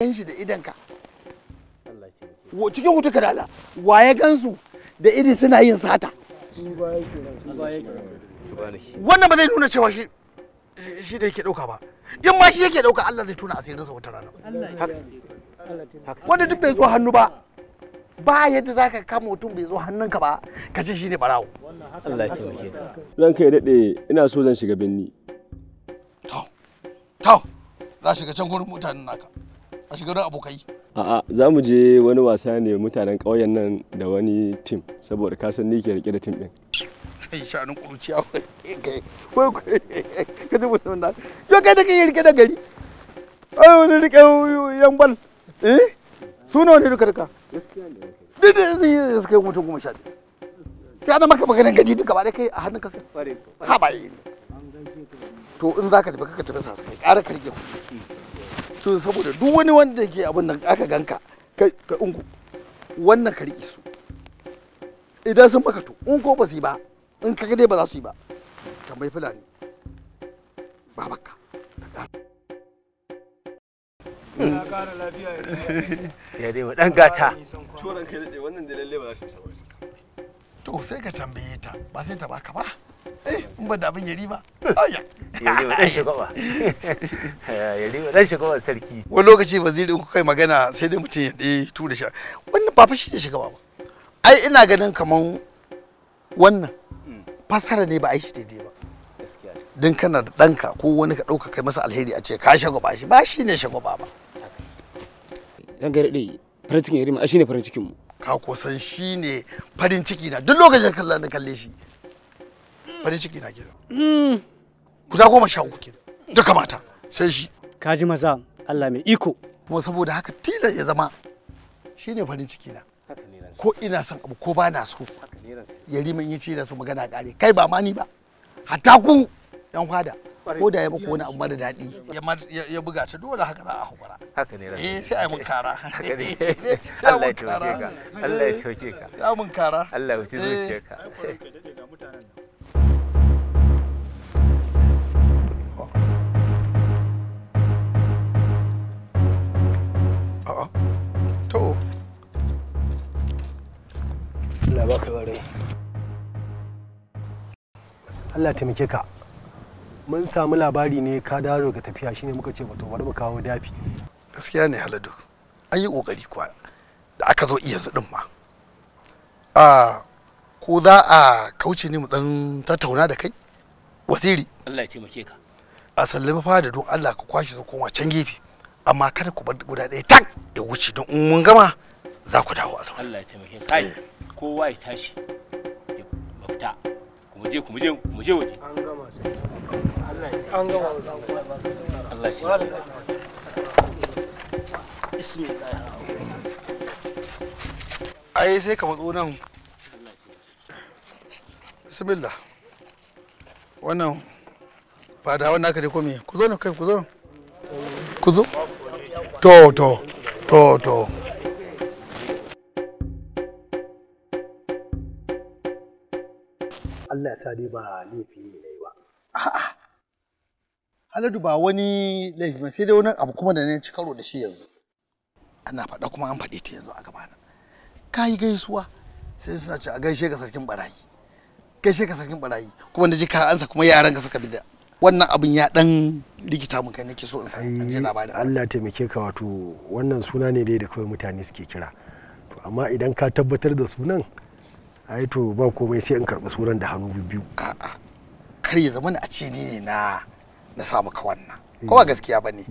gan shi da idanka cikin hutu ka dala waye gansu da iri suna yin sata wannan ba zai nuna cewa shi shi da yake dauka ba in ma shi yake dauka Allah zai tuna sa wata rana wanda duk bai zo hannu ba ba yadda za ka kama mutum bai zo hannunka ba ka ce shi ne barawo zan kai daɗe ina so zan shiga birni tau tau za shiga can gurin mutanen naka a shigarin abokai a'a za mu je wani wasa ne mutanen ƙauyen nan da wani tim saboda ka san ni ke rike da tim din kai shanun kuruciya kai kai ka ji mutum da yo kai da kai rike da gari ai wani rike yan bal eh su ne wani duka duka duk da su suka yi mutum goma sha biyu sai ana maka maganin gari duka ba dai kai a hannun kasa ha ba yi to in za ka tafi ka tafi sa su kai ƙara ka rike kuɗi su saboda duk wani wanda ke abin da aka ganka kai ka ungu wannan ka riƙe su idan sun baka to in ko ba su yi ba in ka dai ba za su yi ba tambayi fulani ba baka hmm. ya dai dan gata to sai ka tambaye ta ba sai ta baka ba in eh, ban da abin yari ba aya dan shugaba sarki wani lokaci waziri in kai magana sai dai mutum ya ɗaya tura shi wannan ba fa shi ne shugaba ba ai ina ganin kaman wannan fasara ne ba a yi shi daidai ba din kana da ɗanka ko wani ka ɗauka kai masa alheri a ce ka shagwaba shi ba shi ne shagwaba ba dan gari ɗai farin cikin yarima shi ne farin cikin mu ka kusan shi ne farin ciki na duk lokacin kallon da kalle shi farin ciki na kenan za goma sha uku kenan duka mata sai shi ka ji maza Allah mai iko kuma saboda haka tilas ya zama shine farin ciki na ko ina son abu ko ba na so ya in yi ce da su magana kare kai ba ma ni ba hatta ku ɗan fada ko da ya muku wani abu mara daɗi ya buga ta dole haka za a hukura haka ne eh sai eh, ai eh, mun kara Allah ya tauke eh. ka Allah ya tauke ka ya mun kara Allah ya tauke ka Allah taimake ka mun samu labari ne ka dawo daga tafiya shine muka ce to bari mu kawo dafi gaskiya ne haladu an yi kokari kuwa da aka zo iya zudin ma a ko za a kauce ne mu dan tattauna da kai wasiri Allah ya taimake ka a sallama fa da don Allah ka kwashe su koma can gefe amma kada ku bar guda ɗaya tak ya wuce don in mun gama za ku dawo a zo Allah ya taimake ka eh. kowa ya tashi ya fita mu je ku mu je mu je waje an gama Allah an gama Allah shi bismillah ai sai ka matso nan bismillah wannan ba da wannan aka dai me ku zo ne kai ku zo ku zo to to to to Allah ya sa ba laifi ne na yi ba. A'a, Haladu ba wani laifi ba sai dai wani abu kuma da ne ci karo da shi yanzu. Ana faɗa kuma an faɗi ta yanzu a gabana. Ka yi gaisuwa sai suna ce a gaishe ka sarkin barayi. Gaishe ka sarkin barayi kuma da ji ka ansa kuma yaran ka suka bi da wannan abin ya dan rikita mun kai nake so in san ji labarin Allah taimake ka wato wannan suna ne dai da kawai mutane suke kira to amma idan ka tabbatar da sunan ai to ba komai sai in karɓi sunan da hannu biyu a'a kar ya zama a ce ni ne na na sa maka wannan ko ba eh, gaskiya bane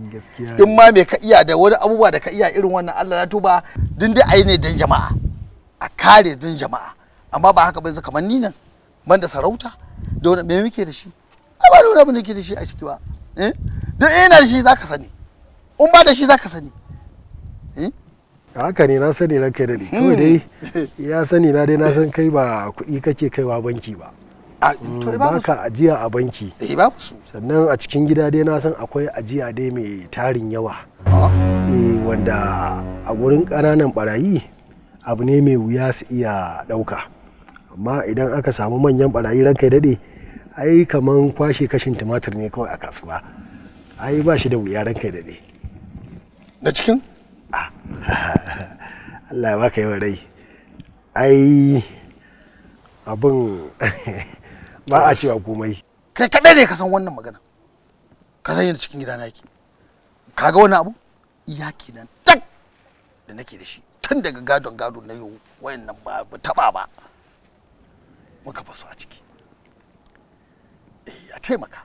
in ma me ka iya da wani abubuwa da ka iya irin wannan Allah na tuba din dai ai ne dan jama'a a kare din jama'a amma ba haka ba yanzu kamar ni nan ban da sarauta da wani me muke da shi ai ba da wani abu ne ke da shi a ciki ba eh duk ina da shi zaka sani in ba da shi zaka sani haka ne na sani ranka da ni kawai dai hmm. ya sani na dai na san kai ba kuɗi kake kaiwa banki ba hmm, ba ka ajiya a banki eh, sannan a cikin gida dai na san akwai ajiya dai mai tarin yawa ah. eh, wanda a gurin ƙananan barayi abu ne mai wuya su iya ɗauka amma idan aka samu manyan barayi ranka daɗe ai kaman kwashe kashin tumatir ne kawai a kasuwa ai ba shi da wuya ranka daɗe na cikin Allah ya baka yawan rai ai abin ba a cewa komai kai kaɗai ne ka san wannan magana ka san yadda cikin gidana yake kaga wani abu iya kenan tak da nake da shi tun daga gadon gado na yau wayannan ba taba ba muka basu a ciki eh a taimaka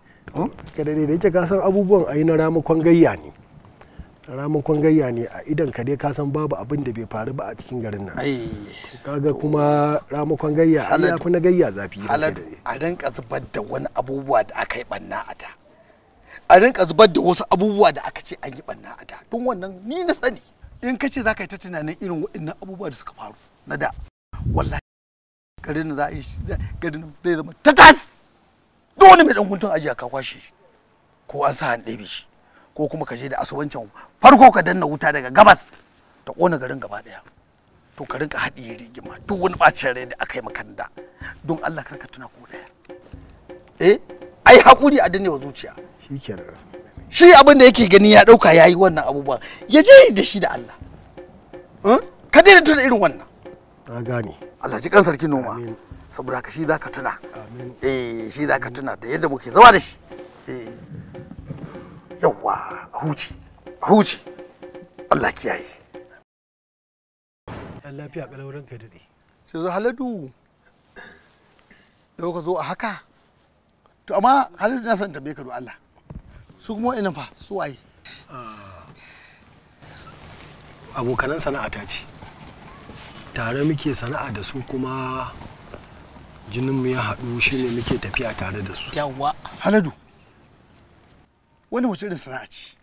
kada ne da yake ka san abubuwan ayi na ramakon gayya ne ramakon gayya ne a idan ka dai kasan babu abin da bai faru ba a cikin garin nan kaga kuma ramakon gayya an yafi na gayya zafi a rinka zubar da wani abubuwa da aka yi banna a da a rinka zubar da wasu abubuwa da aka ce an yi banna a da don wannan ni na sani in ka ce za ka yi ta tunanin irin waɗannan abubuwa da suka faru na da wallahi garin za a yi garin zai zama tatas duk wani mai dan kuntun ajiya ka kwashe ko an sa an ɗebe shi ko kuma ka je da asubancin farko ka danna wuta daga gabas ta ƙona garin gaba ɗaya to ka rinka haɗiye rigima duk wani ɓacin rai da aka yi makanda don Allah kar ka tuna ko ɗaya eh ai haƙuri a danne wa zuciya shikenan shi abin da yake gani ya ɗauka ya yi wannan abubuwan ya je da shi da Allah eh, ka daina tuna irin wannan na gane Allah ji kan sarki noma saboda ka shi za ka tuna eh shi za ka tuna da yadda muke zama da shi eh yawwa huci Allah kiyaye yan lafiya kalauran kai dade sai zo haladu da ka zo a haka to amma haladu na san ka Allah su kuma fa su waye ah, abokanan sana'a ta ce tare muke sana'a da su kuma jinin mu ya haɗu shine muke tafiya tare da su yawwa haladu wani wace irin sana'a ce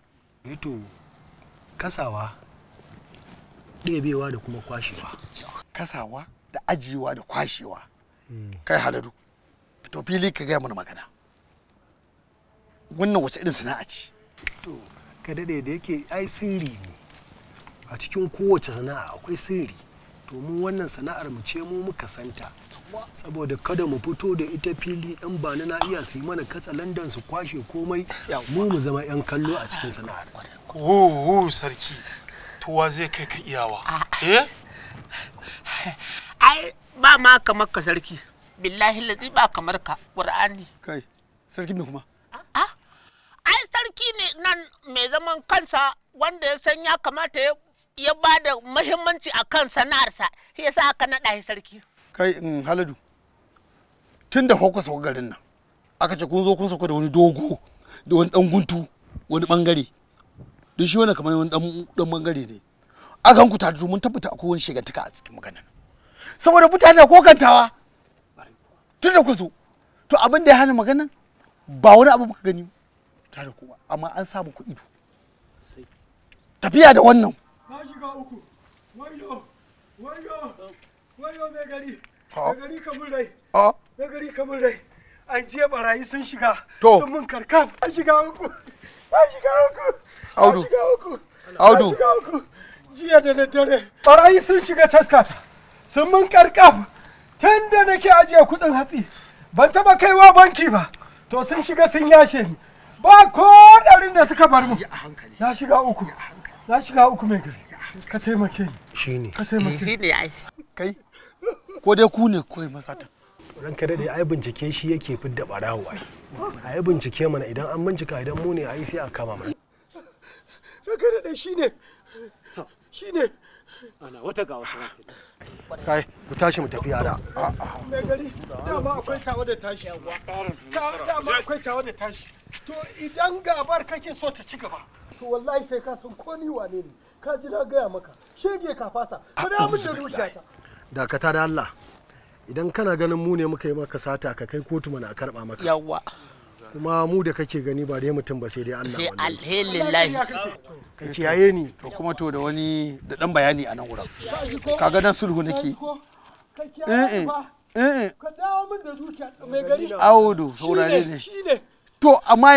eh to kasawa ɗebewa da kuma kwashewa kasawa da ajiyewa da kwashewa hmm. kai haladu to fili ka gaya mana magana wannan wace irin sana'a ce to ka daɗe da yake ai sirri ne a cikin kowace sana'a akwai sirri to mu wannan sana'ar mu ce mu muka santa saboda kada mu fito da ita fili yan ba na iya su yi mana katsa london su kwashe komai mu mu zama yan kallo a cikin sana'ar wo sarki tuwa zai kai ka iyawa ah. eh ai ba ma kamar ka sarki billahi lazi ba kamar ka qur'ani kai sarki me kuma ah? ai sarki ne nan mai zaman kansa wanda ya san ya kamata ya ya ba da mahimmanci a kan sana'arsa shi sa aka naɗa shi sarki kai in mm, haladu tun da hauka sauka garin nan aka ce kun zo kun sauka da wani dogo da wani ɗan guntu wani ɓangare duk shi wani kamar wani ɗan ɓangare ne kan ku tare mun tabbata akwai wani shegantaka a cikin maganar saboda mutane na kokantawa tun da ku zo to abin da ya hana magana ba wani abu muka gani tare ku amma an samu ku ido tafiya da wannan na shiga uku wayo wayo oh. wayo mai gari oh. mai gari kamar rai oh. mai gari kamar rai an je barayi sun shiga sun mun karkam an shiga uku an shiga uku audu shiga uku audu uku jiya da daddare barayi sun shiga taskas sun mun karkam tun da nake ajiye kudin hatsi ban taɓa kaiwa banki ba to sun shiga sun yashe ni ba ko ɗarin da suka bar mu na shiga uku Na shiga uku mai gari. Ka taimake ni. Shi ne. Ka taimake ni. Shi ne ai. Kai. Ko dai ku ne kawai masata. Ranka daɗe ai bincike shi yake fidda barawo ai. Ai bincike mana idan an bincika idan mu ne ai sai a kama mana. Ran Ranka daɗe shi ne. Shi ne. Ana wata ga wata Kai, ku tashi mu tafi yara. Mai gari, dama akwai tawa da tashi. Dama akwai tawa da tashi. To idan gabar kake so ta ci gaba. to wallahi sai ka san ko ni wane ne ka ji na gaya maka shege ka fasa ka da mun da ta dakata da Allah idan kana ganin mu ne muka yi maka sata ka kai kotu mana a karba maka yawa kuma mu da kake gani ba dai mutum ba sai dai Allah wallahi alhamdulillah ka kiyaye ni to kuma to da wani da dan bayani a nan wurin ga nan sulhu nake eh eh, eh eh ka dawo min da zuciya mai gari audu saurare ne to amma